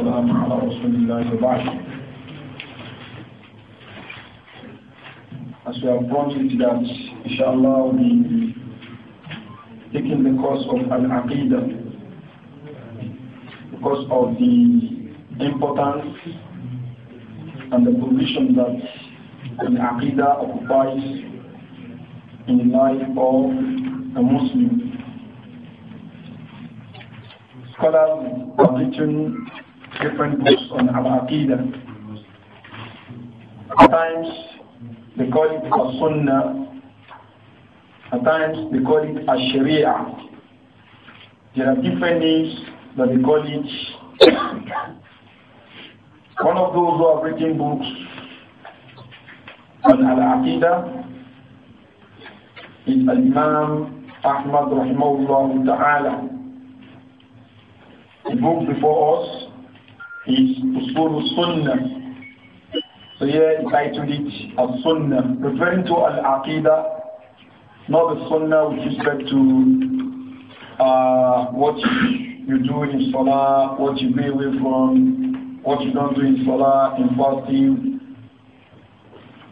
والسلام على رسول الله وبعد As we have brought it that inshallah we'll be taking the course of Al-Aqidah because of the importance and the position that Al-Aqidah occupies in the life of a Muslim scholars have written different books on our Aqidah. At times, they call it a Sunnah. At times, they call it a Sharia. There are different names that they call it. One of those who have written books on Al-Aqidah is Al-Imam Ahmad Rahimahullah Ta'ala. The book before us is Usul Sunnah. So here I titled it as Sunnah, referring to Al-Aqidah, not the Sunnah with respect to uh, what you do in Salah, what you go away from, what you don't do in Salah, in fasting,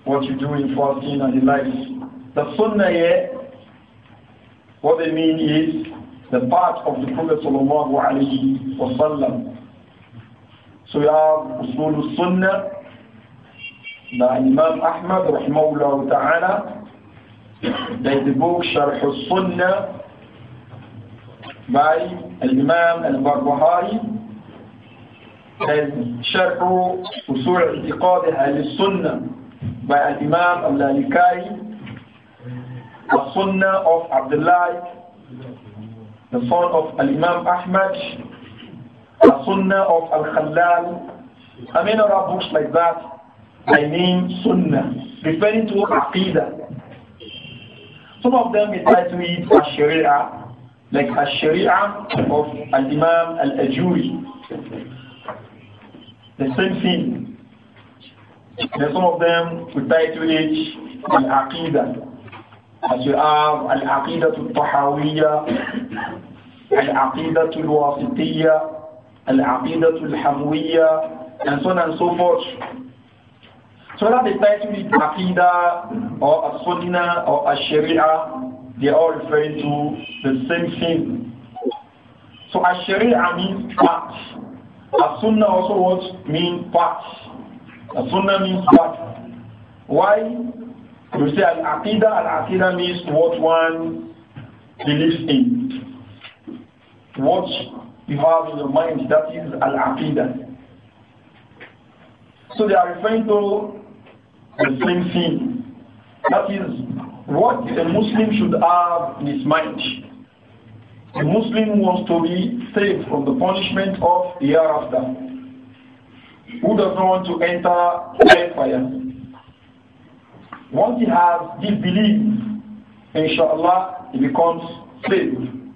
what you do in fasting and the likes. The Sunnah here, what they mean is the part of the Prophet Sallallahu Alaihi Wasallam صيام أصول السنه مع الامام أحمد رحمه الله تعالى بيدبوك شرح السنه باي الإمام البربهاري شرح أصول اعتقاد أهل السنه باي الإمام اللالكاي السنه of عبد الله the son of الإمام أحمد the Sunnah of Al-Khalal, I mean other books like that, I mean Sunnah, referring to Aqidah. Some of them they try to read as sharia like as sharia of Al-Imam Al-Ajuri. The same thing. Then some of them would try to read Al-Aqidah. As you have Al-Aqidah Al-Tahawiyah, Al-Aqidah Al-Wasitiyah, Al-Aqidatul Hamwiya, and so on and so forth. So whether the title is Aqidah or As-Sunnah or As-Sharia, they are all referring to the same thing. So As-Sharia means part. As-Sunnah also means part. As-Sunnah means part. Why? You say Al-Aqidah, Al-Aqidah means what one believes in. What you have in your mind, that is Al-Aqidah. So they are referring to the same thing. That is what a Muslim should have in his mind. A Muslim wants to be saved from the punishment of the hereafter. Who does not want to enter hellfire? Once he has this belief, inshallah, he becomes saved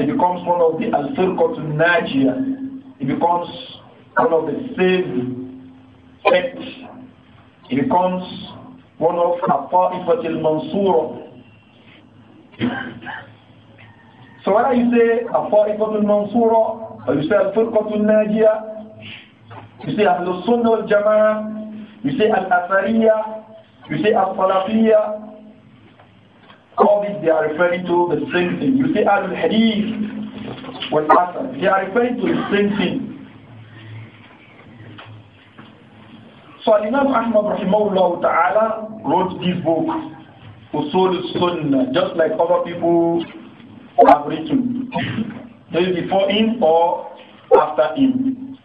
and he becomes one of the Al-Firqatun Najiyah. He becomes one of the saved sect. He becomes one of Al-Ta'ifatul Mansura. So whether you say Al-Ta'ifatul Mansura or you say Al-Firqatun Najiyah, you say Ahlus Sunnah wal Jama'ah, you say Al-Athariyah, you say Al-Salafiyah, Qawmi, they are referring to the same thing. You see, Ahlul Hadith, when Hassan, they are referring to the same thing. So Imam Ahmad rahimahullah ta'ala wrote this book, Usul Sunnah, just like other people have written. Maybe before him or after him.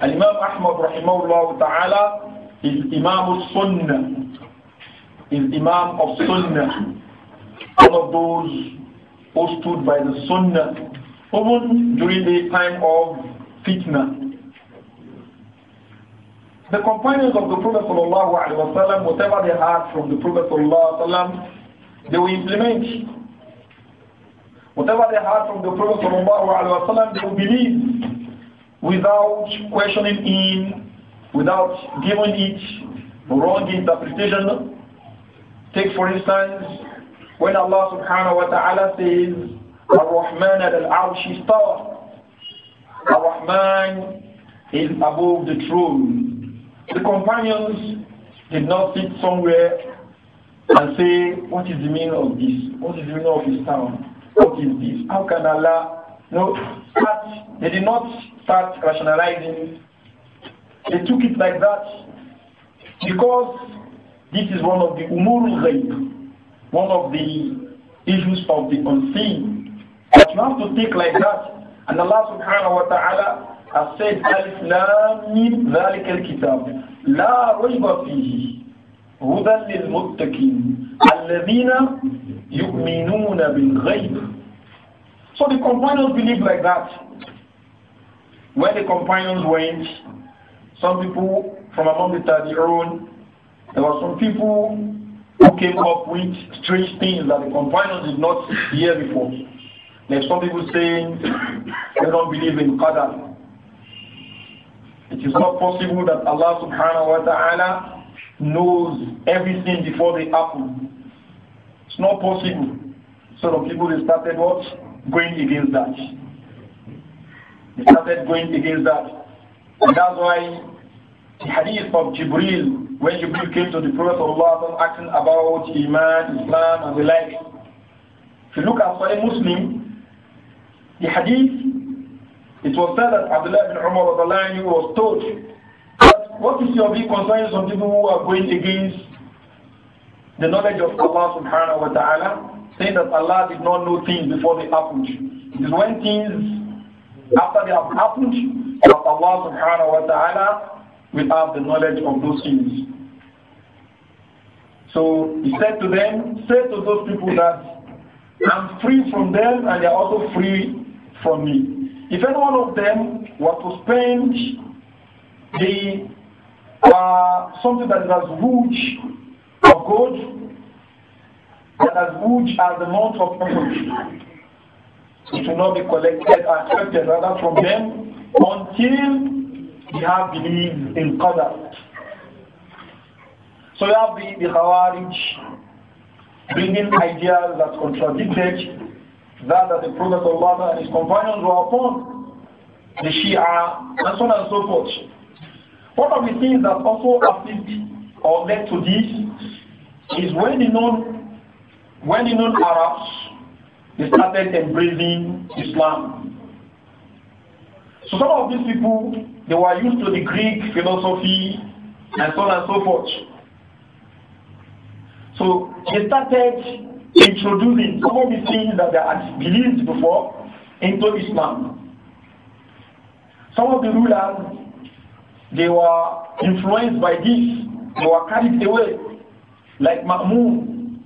And Imam Ahmad rahimahullah ta'ala is Imam Sunnah is Imam of Sunnah, one of those who stood by the Sunnah, even during the time of fitna. The companions of the Prophet wasallam, whatever they had from the Prophet wasallam, they will implement. Whatever they had from the Prophet wasallam, they will believe without questioning him, without giving it wrong interpretation Take for instance, when Allah subhanahu wa ta'ala says, Ar-Rahman al-Arsh istawa. Ar-Rahman is above the throne. The companions did not sit somewhere and say, what is the meaning of this? What is the meaning of this term? What is this? How can Allah? No, start, they did not start rationalizing. They took it like that because this is one of the umurul ghayb, one of the issues of the unseen. But you have to think like that. And Allah subhanahu wa ta'ala has said, Alif Lam Mim ذلك الكتاب لا ريب فيه هدى للمتقين الذين يؤمنون بالغيب So the companions believed like that. When the companions went, some people from among the Tadi'un there were some people who came up with strange things that the companions did not hear before. There are some people saying they don't believe in Qadar. It is not possible that Allah subhanahu wa ta'ala knows everything before they happen. It's not possible. So the people started what? Going against that. They started going against that. And that's why the hadith of Jibril when you came to the Prophet Allah asking about Iman, Islam and the like. If you look at Sahih Muslim, the hadith, it was said that Abdullah bin Umar was told that what is your view concerning some people who are going against the knowledge of Allah subhanahu wa ta'ala, saying that Allah did not know things before they happened. It is when things after they have happened that Allah subhanahu wa ta'ala we have the knowledge of those things. So he said to them, say to those people that I'm free from them and they are also free from me. If any one of them were to spend the uh, something that is as huge of gold, that as huge as the mount of Uhud, it will not be collected and accepted rather from them until they have belief in Qadr. So you have the, the Khawarij bringing ideas that contradicted that that the Prophet Allah and his companions were upon, the Shia, and so on and so forth. One of the things that also affected or led to this is when the known when the known Arabs they started embracing Islam. So some of these people they were used to the Greek philosophy and so on and so forth. So they started introducing some of the things that they had believed before into Islam. Some of the rulers, they were influenced by this. They were carried away, like Mahmud,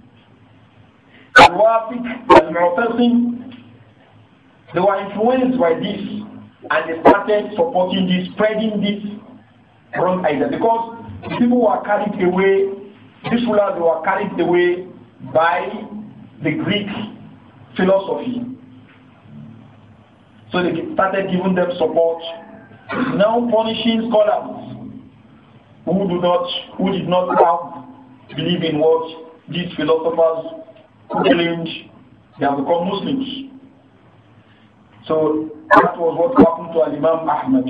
al Al-Mu'tasim. They were influenced by this and they started supporting this, spreading this wrong idea because people were carried away, these rulers were carried away by the Greek philosophy. So they started giving them support, now punishing scholars who do not, who did not have believe in what these philosophers claimed. They have become Muslims. So that was what happened to Imam Ahmad.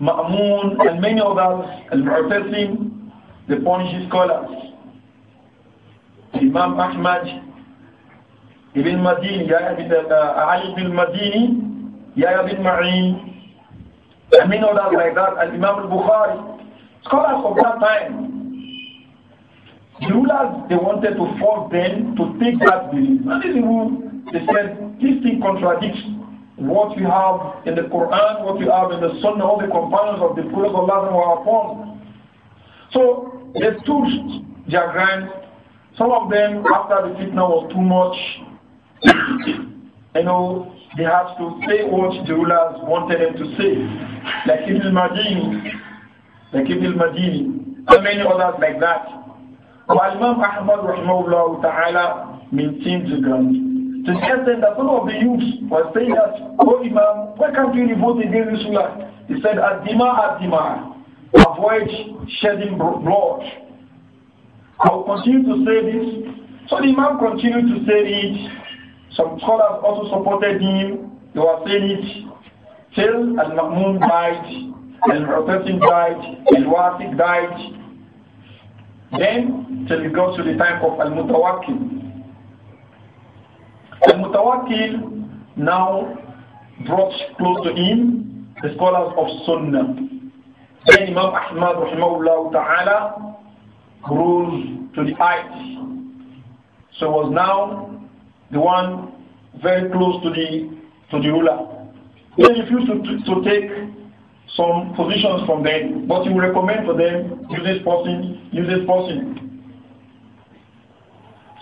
Ma'mun and many others, Al-Mu'tasim, the Punjabi scholars. Imam Ahmad, Ibn Madini, Yahya bin uh, Ali bin Madini, Yahya bin Ma'in, and many others like that, and Imam al-Bukhari. Scholars of that time, the rulers, they wanted to force them to take that belief. And this is they said, this thing contradicts what you have in the Quran, what you have in the Sunnah, all the companions of the Prophet Allah were upon. So they stood their ground. Some of them, after the fitna was too much, you know, they had to say what the rulers wanted them to say. Like Ibn al-Madini, like Ibn al-Madini, and many others like that. But Imam Ahmad rahimahullah ta'ala maintained the ground. To the extent that some of the youths were saying that, oh Imam, why can't you revolt against this ruler? He said, Adima, Adima, avoid shedding blood. I'll continue to say this. So the Imam continued to say it. Some scholars also supported him. They were saying it till Al-Ma'mun died, Al-Mu'tasim died, Al-Wasik died. Then, till it got to the time of Al-Mutawakkil. The mutawakkil now brought close to him the scholars of Sunnah. Then Imam Ahmad rahimahullah ta'ala rose to the height. So was now the one very close to the to the ruler. They refused to, to, to take some positions from them, but he would recommend for them, use this person, use this person.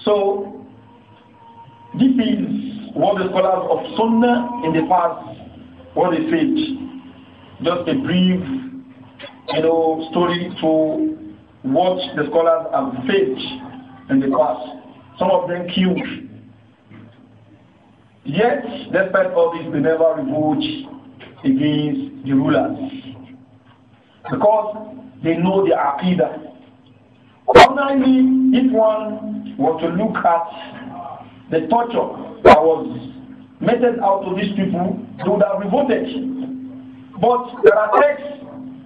So this is what the scholars of Sunnah in the past, what they said. Just a brief, you know, story to what the scholars have said in the past. Some of them killed. Yet, despite all this, they never revolt against the rulers. Because they know the Aqidah. Finally, if one were to look at the torture that was meted out to these people, they would have revolted. But there are texts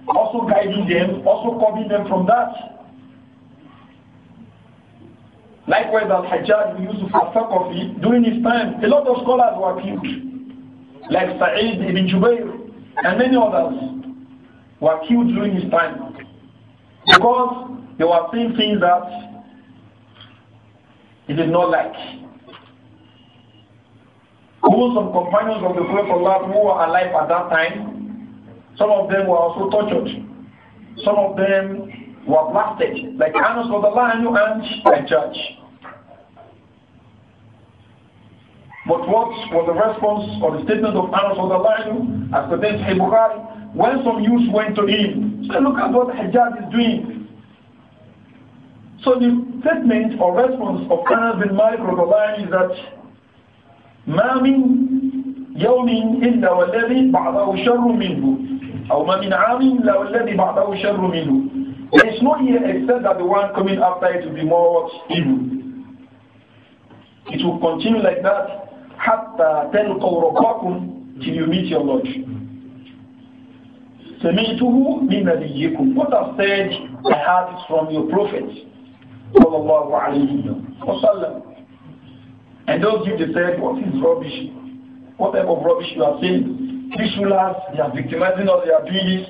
also guiding them, also copying them from that. Likewise, Al-Hajjaj Yusuf al-Thaqafi, during his time, a lot of scholars were killed, like Sa'id ibn Jubair and many others were killed during his time because they were saying things that he did not like. Even some companions of the Prophet Allah who were alive at that time, some of them were also tortured. Some of them were blasted, like Anas of Lion and and judge. But what was the response or the statement of Anas of Malik as pertains to Bukhari when some youths went to him? Say, look at what Hijab is doing. So the statement or response of Anas bin Malik of Allah is that ما من يوم إلا والذي بعضه شر منه أو ما من عام إلا والذي بعضه شر منه There is no year except that the one coming after it will be more evil. It will continue like that حتى تلقوا ربكم till you meet your Lord. سمعته من نبيكم What I've said, I heard it from your prophet صلى الله عليه وسلم And those give the what is rubbish? What type of rubbish you are saying? These rulers, they are victimizing us, they are doing this.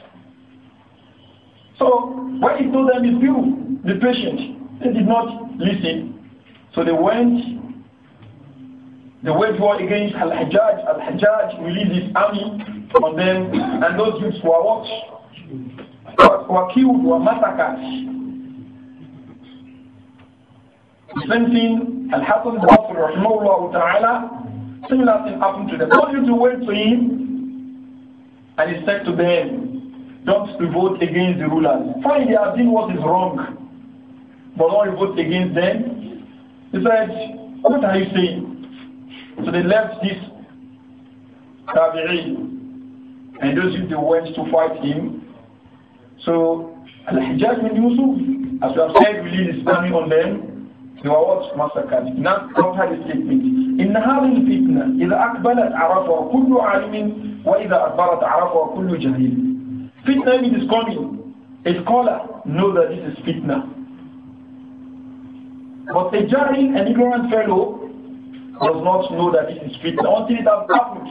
So when he told them it's you, the patient, they did not listen. So they went they went war against Al-Hajjaj. Al-Hajjaj released his army on them, and those youths were what? Were killed, were massacred. Presenting al happened to basri rahimahullah ta'ala, similar thing happened to them. Told did to went to him? And he said to them, don't vote against the rulers. Fine, they are doing what is wrong, but don't vote against them. He said, what are you saying? So they left this Tabi'i and those who they went to fight him. So Al-Hijjaj bin Yusuf, as we have said, released his army on them they were what? Massacred. Now, counter the statement. In هذه الفتنة إذا أقبلت عرفها كل عالم وإذا أدبرت عرفها كل جاهل. Fitna means is coming. A scholar knows that this is fitna. But a jahil, an ignorant fellow, does not know that this is fitna until it has happened.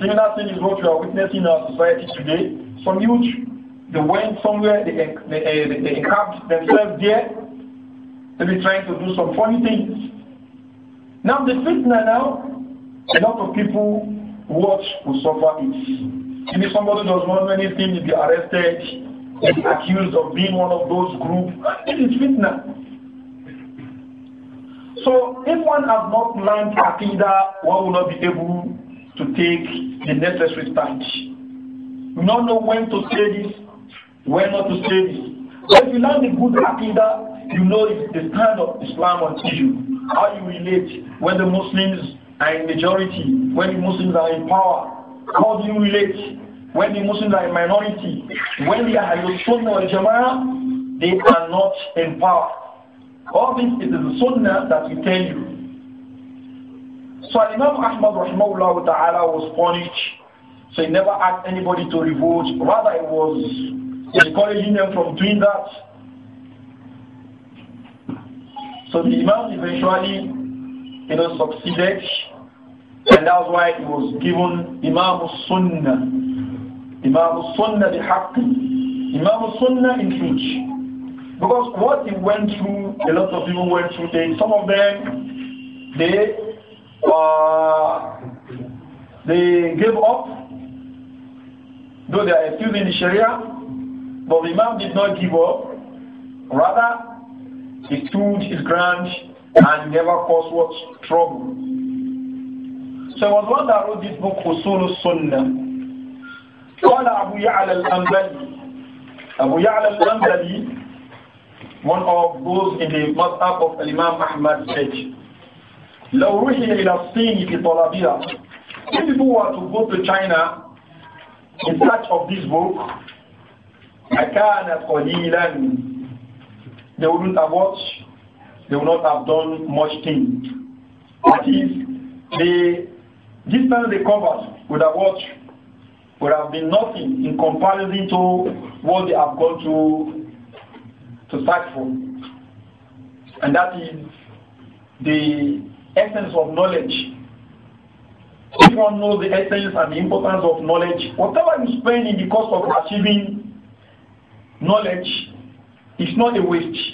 Similar thing is what we are witnessing in our society today. Some youth they went somewhere, they, they, they, they encamped themselves there, maybe trying to do some funny things. Now the fitna now, a lot of people watch will suffer it. Maybe somebody does not anything, he be arrested, he be accused of being one of those groups. It is fitna. So if one has not learned Aqidah, one will not be able to take the necessary stand. We do not know when to say this, when not to say this. if you learn the good Aqidah, you know the stand of Islam on you. how you relate when the Muslims are in majority, when the Muslims are in power, how do you relate when the Muslims are in minority, when they are Ahlul Sunnah or Jama'ah, they are not in power. All this is the Sunnah that we tell you. So Imam Ahmad rahimahullah ta'ala was punished. So he never asked anybody to revolt. Rather, it was discouraging them from doing that. So the Imam eventually, you know, succeeded, and that's why he was given Imam Sunnah. Imam Sunnah the Haqqi. Imam Sunnah in truth. Because what he went through, a lot of people went through, they, some of them, they, uh, they gave up, though they are still in the Sharia, but the Imam did not give up. Rather, he stood his ground and never caused what trouble. So it was one that wrote this book, Usul Sunnah. قال Al Anbali. الأنبلي أبو يعلى الأنبلي one of those in the madhab of Imam Ahmad said لو رحل إلى الصين في طلبها if people were to go to China in search of this book لَكَانَ قَلِيلًا uh, They wouldn't have watched, they would not have done much thing. That is, the distance they covered would have watched would have been nothing in comparison to what they have gone to to fight for. And that is the essence of knowledge. If one knows the essence and the importance of knowledge, whatever you spend in the of achieving knowledge is not a waste.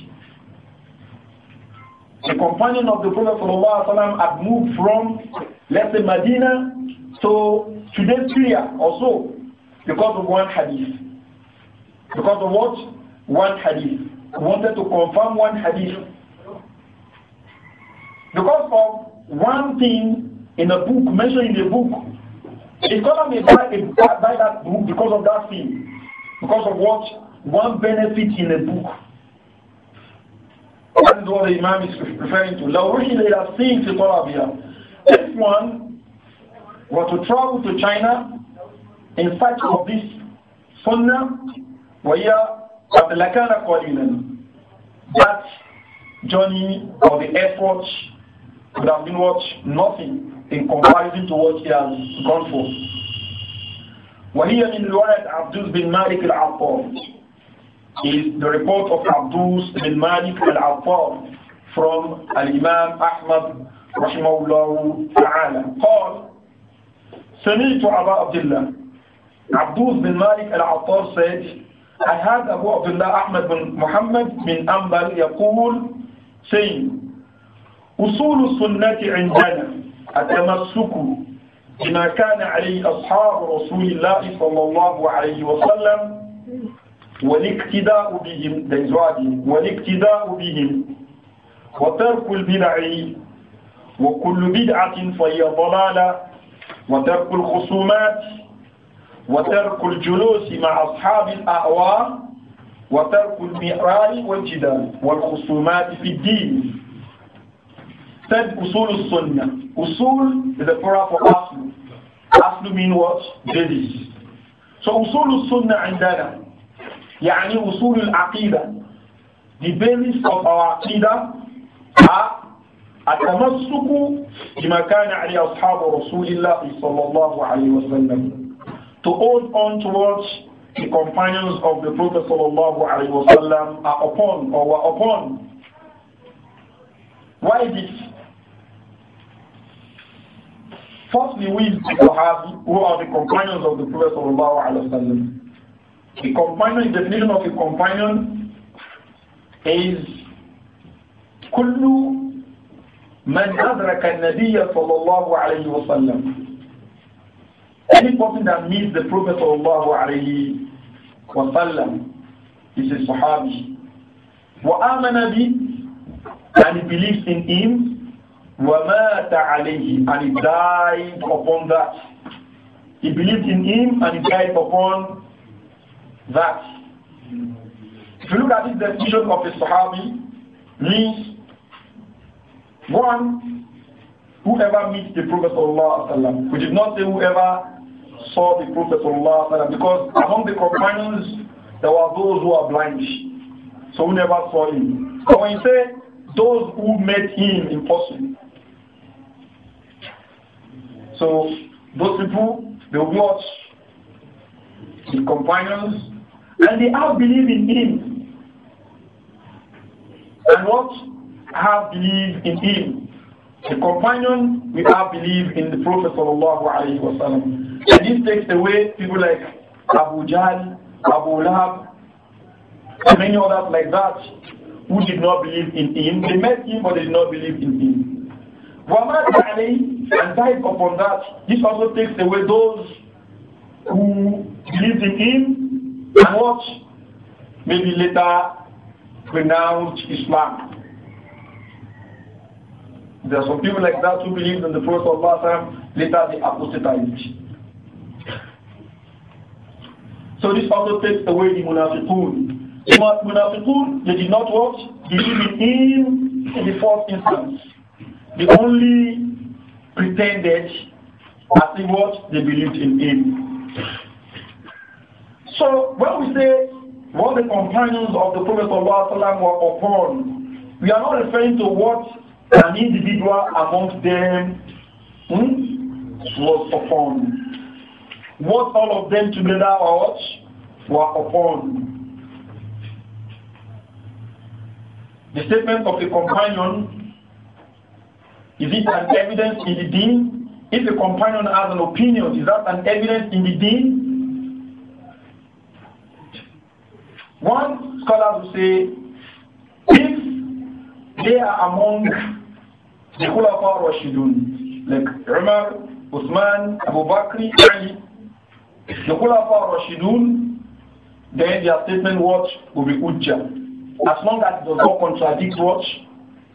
The companion of the Prophet ﷺ had moved from, let's say, Medina to today's Syria or so because of one hadith. Because of what? One hadith. He wanted to confirm one hadith. Because of one thing in a book, mentioned in the book, it's going to be by, by that book because of that thing. Because of what? one benefit in a book. That is what the Imam is referring to. لو رحل إلى الصين في If one were to travel to China in search of this sunnah, وهي قد لكان قليلا. That journey or the effort would have been worth Nothing in comparison to what he has gone for. وهي من رواية عبدوس بن مالك العطار is the report of Abdus bin Malik al-Attar from Al-Imam Ahmad rahimahullah ta'ala تعالى قال سمعت أبا عبد الله bin Malik al العطار said I heard Abu Abdullah Ahmad bin Muhammad bin Ambal يقول saying أصول السنة عندنا التمسك بما كان عليه أصحاب رسول الله صلى الله عليه وسلم والاقتداء بهم دايزوادي والاقتداء بهم وترك البدع وكل بدعة فهي ضلالة وترك الخصومات وترك الجلوس مع أصحاب الأهواء وترك المئران والجدال والخصومات في الدين Third, أصول السنة أصول is a plural for أصل أصل mean what? Basis So أصول السنة عندنا يعني العقيدة the basis of our عقيدة are التمسك بما كان عليه أصحاب رسول الله صلى الله عليه وسلم to hold on towards the companions of the Prophet sallallahu alaihi wasallam are upon or were upon. Why this? Firstly, we have who are the companions of the Prophet sallallahu alaihi wasallam. A companion, definition of a companion is كل من أدرك النبي صلى الله عليه وسلم any person that meets the Prophet sallallahu alayhi wa sallam is a Sahabi. وآمن به and he believes in him ومات عليه and he died upon that. He believed in him and he died upon that. If you look at this definition of a Sahabi, means one, whoever meets the Prophet Allah, we did not say whoever saw the Prophet Allah, because among the companions there were those who are blind, so who never saw him. So when you say those who met him in person, so those people, they watch his companions, and they have believed in him. And what? Have believed in him. The companion, we have believed in the Prophet sallallahu alayhi wa And this takes away people like Abu Jahl, Abu Lahab, and many others like that who did not believe in him. They met him, but they did not believe in him. and died upon that. This also takes away those who believed in him and what maybe later pronounced Islam. There are some people like that who believed in the Prophet of Allah, later they apostatized. So this also takes away the munafiqun. The munafiqun, they did not what? Believe in in the first instance. They only pretended as what they believed in him. So when we say what the companions of the Prophet ﷺ were upon, we are not referring to what an individual amongst them hmm, was upon. What all of them together was, were upon. The statement of a companion, is it an evidence in the deen? If a companion has an opinion, is that an evidence in the deen? One scholar will say, if they are among the Khulafa Rashidun, like Umar, Uthman, Abu Bakr, Ali, the Khulafa Rashidun, then their statement what will be Ujjah. As long as it does not contradict what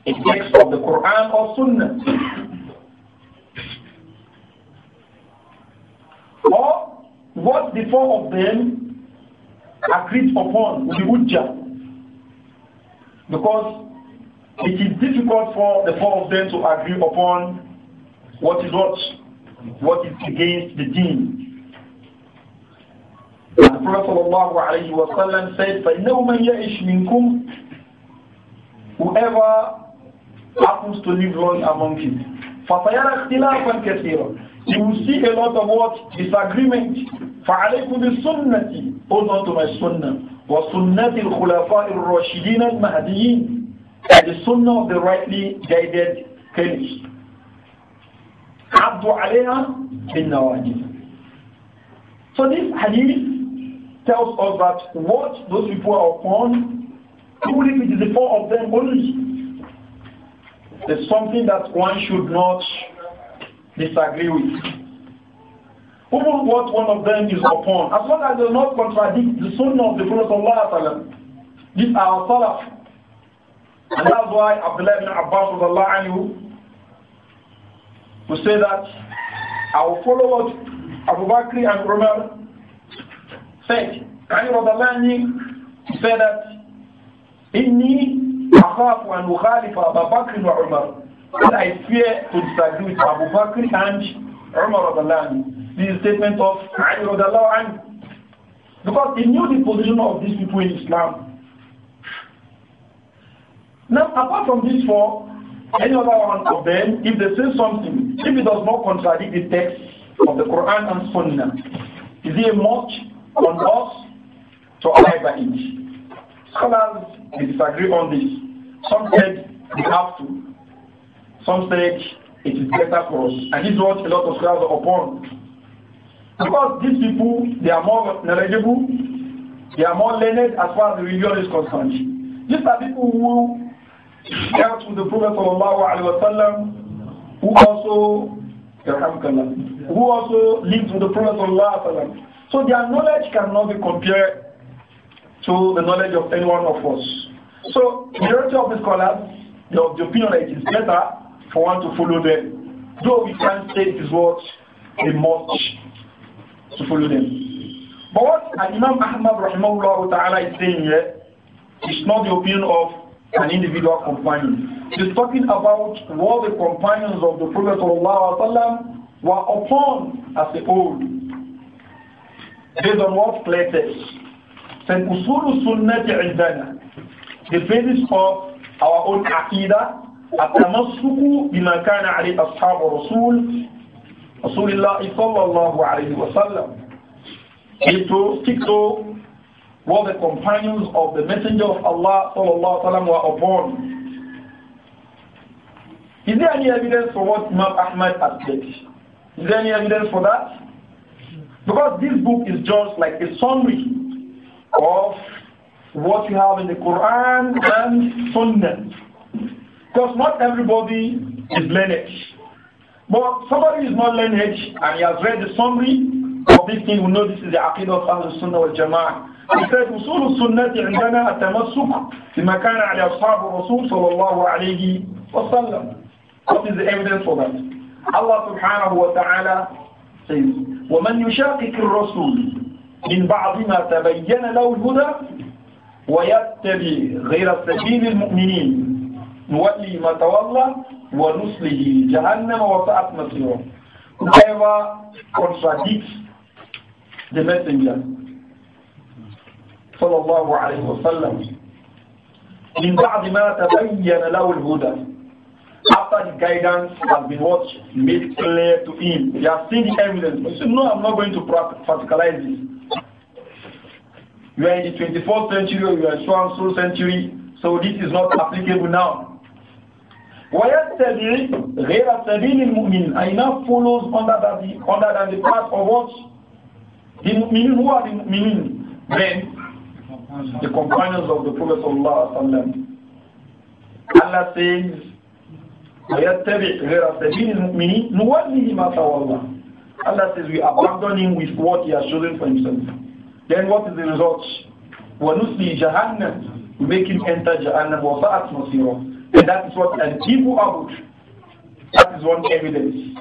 it takes of the Quran or Sunnah. Or what the four of them agreed upon with the Hujjah. Because it is difficult for the four of them to agree upon what is what, what is against the deen. And the Prophet ﷺ said, فَإِنَّهُ مَنْ يَعِشْ مِنْكُمْ Whoever happens to live long among you. You will see a lot of what? Disagreement. فعليكم بسنتي hold مَا to my sunnah وسنة الخلفاء الراشدين المهديين and the sunnah of the rightly guided caliphs عبدوا عليها بالنواجذ so this hadith tells us that what those people are upon even if it is the four of them only is something that one should not disagree with even what one of them is upon, as long as they do not contradict the sunnah of the Prophet these are salaf. And that's why Abdullah ibn Abbas anhu, to say that our followers Abu Bakr and Umar said, Ali Radalani said that Inni akhafu an ukhalifa Abu Bakr wa Umar. And I fear to disagree with Abu Bakr and Umar Radalani the statement of Ali radiallahu anhu. Because he knew the position of these people in Islam. Now, apart from these four, any other one of them, if they say something, if it does not contradict the text of the Quran and Sunnah, is it a much on us to abide by it? Scholars disagree on this. Some said we have to. Some said it is better for us. And this is what a lot of scholars are upon. Because these people, they are more knowledgeable, they are more learned as far as religion is concerned. These are people who dealt with the Prophet وسلم, who also who also lived with the Prophet وسلم. So their knowledge cannot be compared to the knowledge of any one of us. So majority of the scholars, the opinion that it is better for one to follow them. Though we can't say it is what they must to follow them. But what Imam Ahmad rahimahullah ta'ala is saying here is not the opinion of an individual companion. He's talking about what the companions of the Prophet were upon as a whole. Based on what places? Then usulu sunnati indana. The basis of our own aqidah, التمسك بما كان عليه أصحاب الرسول Rasulullah sallallahu alayhi wa sallam is to stick to the companions of the Messenger of Allah sallallahu alayhi wa were upon. Is there any evidence for what Imam Ahmad has said? Is there any evidence for that? Because this book is just like a summary of what you have in the Quran and Sunnah. Because not everybody is learned. But somebody who is not learned and he has read the summary of this thing will know this is the Aqidah of Ahlul Sunnah wal Jama'ah. He said, وصول السنة عندنا التمسك بما كان على أصحاب الرسول صلى الله عليه وسلم. What is the evidence for that? Allah subhanahu wa ta'ala says, ومن يشاقق الرسول من بعض ما تبين له الهدى ويتبع غير سبيل المؤمنين نولي ما تولى وَنُسْلِهِ جَهَنَّمَ وَسَأَتْ مَصِيرًا Whoever contradicts the messenger, sallallahu alayhi wa sallam, من بعد ما تبين له الهدى after the guidance has been what made clear to him. He has seen the evidence. He said, No, I'm not going to practicalize this. You are in the 24th century, you are in the and century, so this is not applicable now. ويتبع غير سبيل المؤمن أي not follows under the, under the, the path of what? The mu'minin, who are the mu'minin? Then, the companions of the Prophet sallallahu Allah says, ويتبع غير سبيل المؤمنين نوليه ما تولى Allah says we abandon him with what he has chosen for himself. Then what is the result? وَنُسْلِي جَهَنَّمْ We make him enter Jahannam وَسَعَتْ مَصِيرًا and that is what people evil abud. That is one evidence.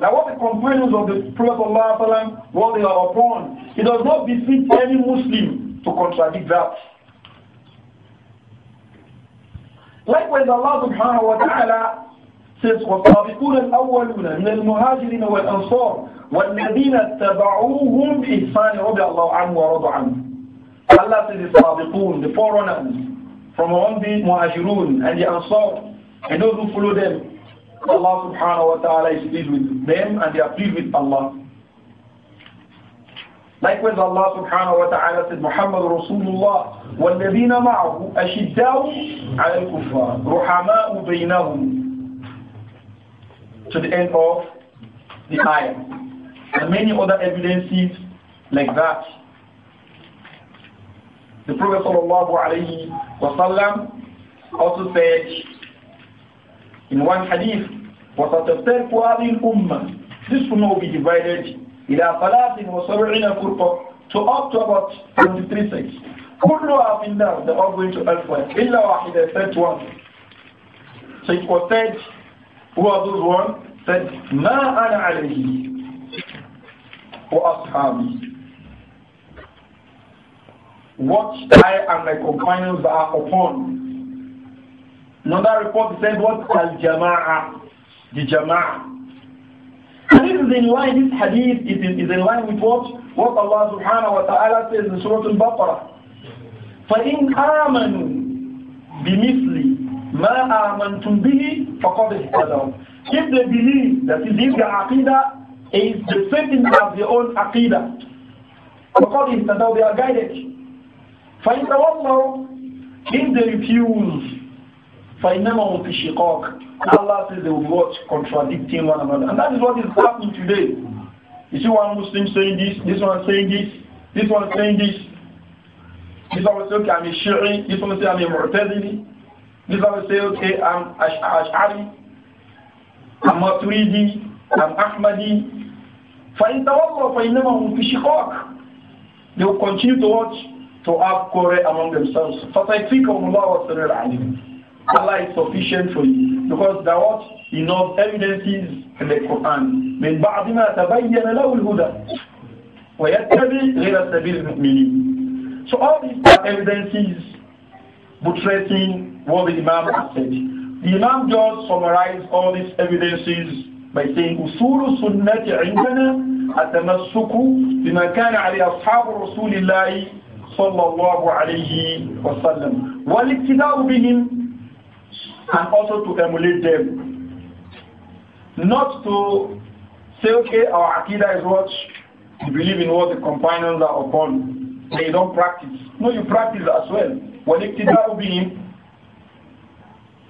Now what the companions of the Prophet Allah, what they are upon, it does not befit any Muslim to contradict that. Likewise, Allah subhanahu wa ta'ala says, وَالسَّابِقُونَ الْأَوَّلُونَ مِنَ الْمُهَاجِرِينَ وَالْأَنصَارِ وَالَّذِينَ اتَّبَعُوهُمْ بِإِحْسَانٍ رَضِيَ اللَّهُ عَنْهُ وَرَضُوا عَنْهُ Allah says, the Sabiqun, the forerunners, from among the mu'ajirun, and the Ansar and those who follow them. Allah subhanahu wa ta'ala is pleased with them and they are pleased with Allah. Likewise, Allah subhanahu wa ta'ala said, Muhammad Rasulullah, وَالَّذِينَ مَعَهُ أَشِدَّاءُ عَلَى الْكُفَّارِ رُحَمَاءُ بَيْنَهُمْ To the end of the ayah. And many other evidences like that. The Prophet وسلم, also said in one hadith, وَسَتَفْتَرْكُ a الْأُمَّةِ This ummah will be divided إِلَى ثَلَاثٍ وَسَبْعِينَ كُرْبَةٍ to up to about 23 sects. Kullu have been they're all going to hellfire. Illa wahida, third one. So it was said, who are those one? Said, ma ana alayhi wa what I and my companions are upon. Another report said what al jama'ah, the jama'ah. And this is in line, this hadith is in, is in line with what, what Allah subhanahu wa ta'ala says in Surah Al-Baqarah. فَإِنْ آمَنُوا بِمِثْلِ مَا آمَنْتُمْ بِهِ فَقَدْ اهْتَدَوْا If they believe, that is if their aqidah is the same as their own aqidah, فَقَدْ اهْتَدَوْا They are guided. فَإِنْتَوَلَّوْا If they refuse, فَإِنَّمَا مُتِشِقَاقْ Allah says they will watch contradicting one another. And that is what is happening today. You see one Muslim saying this, this one saying this, this one saying this. This one will say, okay, I'm a Shi'i. This one will say, I'm a Mu'tazili. This one will say, okay, I'm Ash'ari. I'm Maturidi. I'm Ahmadi. فَإِنْ تَوَلَّوْا فَإِنَّمَا هُمْ فِي شِقَاقٍ They will continue to watch to have quarrel among themselves. But I think فَتَيْفِيكُمُ اللَّهُ وَسَمِيعُ الْعَلِيمُ Allah is sufficient for you because there was enough evidences in the Quran. من بعد ما تبين له الهدى ويتبع غير سبيل المؤمنين. So all these are evidences buttressing what the Imam has said. The Imam just summarized all these evidences by saying أصول السنة عندنا التمسك بما كان عليه أصحاب رسول الله صلى الله عليه وسلم والاقتداء بهم and also to emulate them not to say okay our akida is what we believe in what the companions are upon they don't practice no you practice as well والاقتداء بهم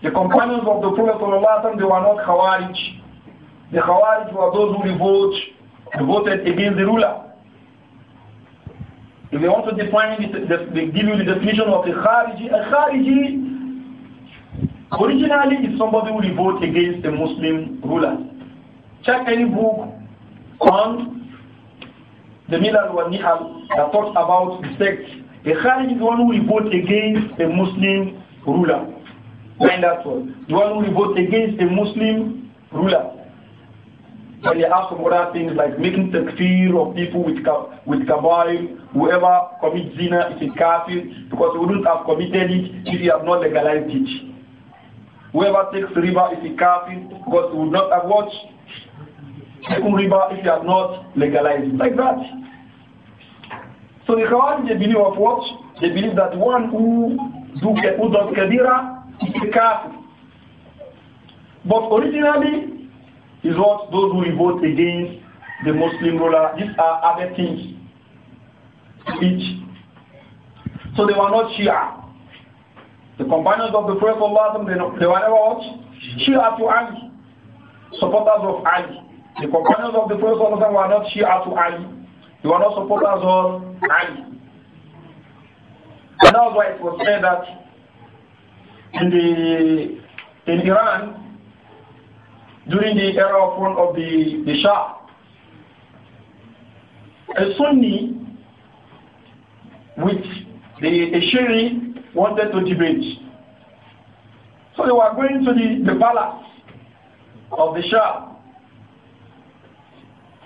the companions of the Prophet ﷺ, they were not Khawarij. The Khawarij were those who revolt, revolted against the ruler. If they want to define it, they give you the definition of a Khariji. A Khariji originally is somebody who revolt against a Muslim ruler. Check any book on the Milal wa Nihal that talks about the sect. A Khariji is the one who revolt against a Muslim ruler. Find that one. The one who revolt against a Muslim ruler. But you have some other things like making takfir of people with, with kabair. Whoever commits zina is a kafir because you wouldn't have committed it if you have not legalized it. Whoever takes riba is a kafir because you would not have watched taken riba if you have not legalized it. Like that. So the Khawarij, they believe of what? They believe that one who, do, who does kabira is a kafir. But originally, is what those who revolt against the Muslim ruler. These are other things each. So they were not Shia. The companions of the Prophet Allah, they, they were never what? Shia to Ali. Supporters of Ali. The companions of the Prophet Allah, were not Shia to Ali. They were not supporters of Ali. And that's why it was said that in the in Iran, during the era of one of the, the Shah. A Sunni with the the Shiri wanted to debate. So they were going to the, the palace of the Shah.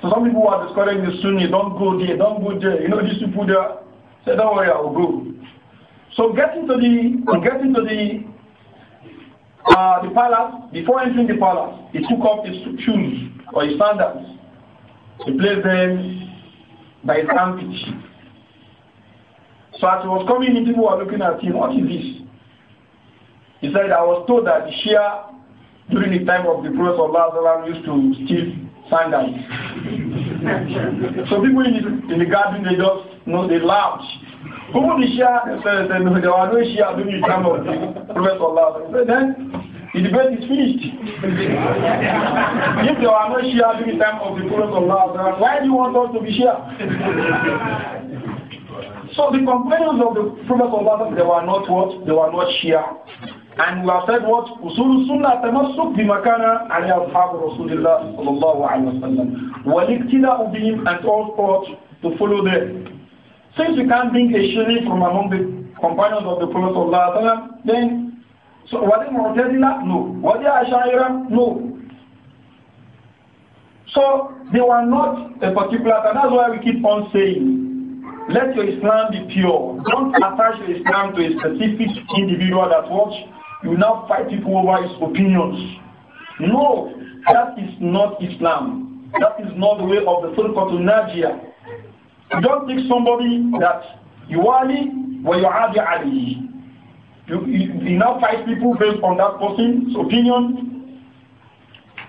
So some people were discouraging the Sunni, don't go there, don't go there. You know these people there. Say, don't worry, I will go. So getting to the getting to the uh, the palace, before entering the palace, he took off his shoes or his sandals. He placed them by his armpit. So as he was coming in, people were looking at him, what is this? He said, I was told that the Shia, during the time of the Prophet of Allah, used to steal sandals. so people in the, in the garden, they just, you know, they laughed. Who the Shia says, and there were no Shia during the time of the Prophet Sallallahu Alaihi Then the debate is finished. if there are no Shia during the time of the Prophet Sallallahu Alaihi why do you want us to be Shia? So the companions of the Prophet of Allah, they were not what? They were not Shia. And we have said what? Usul sunnah tamassuk makana ali ashab Rasulullah sallallahu alayhi wa sallam. Wal iqtida'u bihim and all thought to follow them. Since we can't bring a shaykh from among the companions of the Prophet Allah, then so were they Mu'tazila? No. Were they Ash'ira? No. So they were not a particular, and that's why we keep on saying, let your Islam be pure. Don't attach your Islam to a specific individual that watch you now fight people over his opinions. No, that is not Islam. That is not the way of the of Najiyah. You don't pick somebody that you wali when you your ali. You, you, now fight people based on that person's opinion.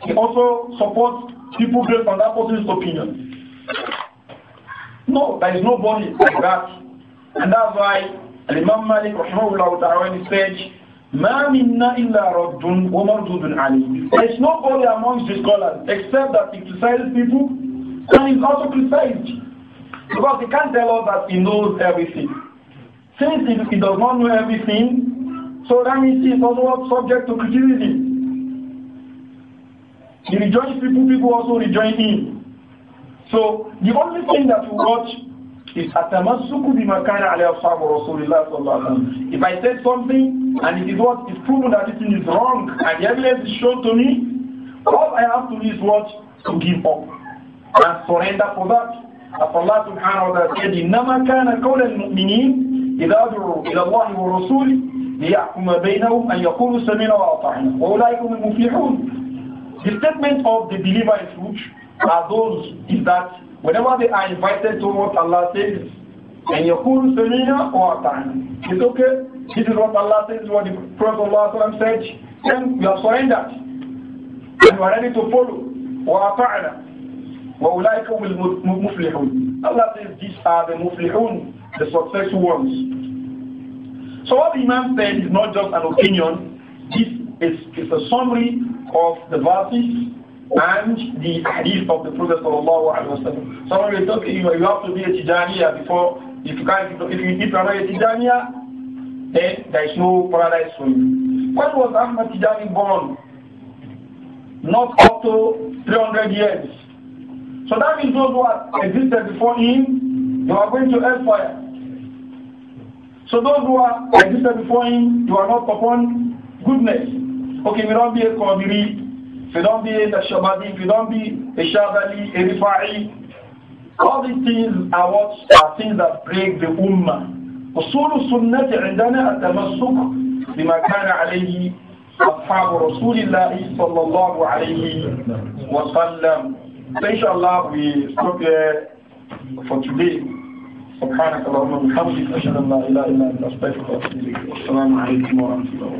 He also supports people based on that person's opinion. No, there is nobody like that. And that's why Imam Malik when ta'ala said, ما illa إلا wa ومردود There is nobody amongst the scholars except that he criticizes people and is also criticized. Because he can't tell us that he knows everything. Since he, he does not know everything, so that means he is also subject to criticism. He rejoins people, people also rejoin him. So the only thing that you watch is atamassuku bima kana ala ashabu rasulillah sallallahu alaihi wasallam. If I said something and it is what is proven that it is wrong and the evidence is shown to me, all I have to do is watch to give up and surrender for that. الله سبحانه وتعالى إنما كان قول المؤمنين إذا أدروا إلى الله ورسوله ليحكم بينهم أن يقولوا سمين وأطعنا وأولئك هم المفلحون The statement of the believer is which are those is that whenever they are invited to what Allah says, and يقولوا سمعنا وأطعنا. It's okay. This is what Allah says, what the Prophet Allah said. Then we have surrendered. And we are ready to follow. وأطعنا. وَأُولَٰئِكَ مُفْلِحُونَ Allah says these are the muflihun, the successful ones. So what the Imam said is not just an opinion, this is, is a summary of the verses and the hadith of the Prophet sallallahu alaihi wasallam. So when we you have to be a Tijaniya before. If you can't, if you if you're not a Tijaniya, then there is no paradise for you. When was Ahmad Tijani born? Not up to 300 years So that means those who had existed before him, you are going to hellfire. So those who are existed before him, you are not upon goodness. Okay, we don't be a Qadiri, we don't be a Shabadi, we don't be a Shabali, a Rifai, all these things are what are things that break the Ummah. أصول السنة عندنا التمسك بما كان عليه أصحاب رسول الله صلى الله عليه وسلم Inshallah, we stop here for today. سبحانك اللهم وبحمدك أشهد أن لا إله إلا أنت أستغفرك وأتوب إليك والسلام عليكم ورحمة الله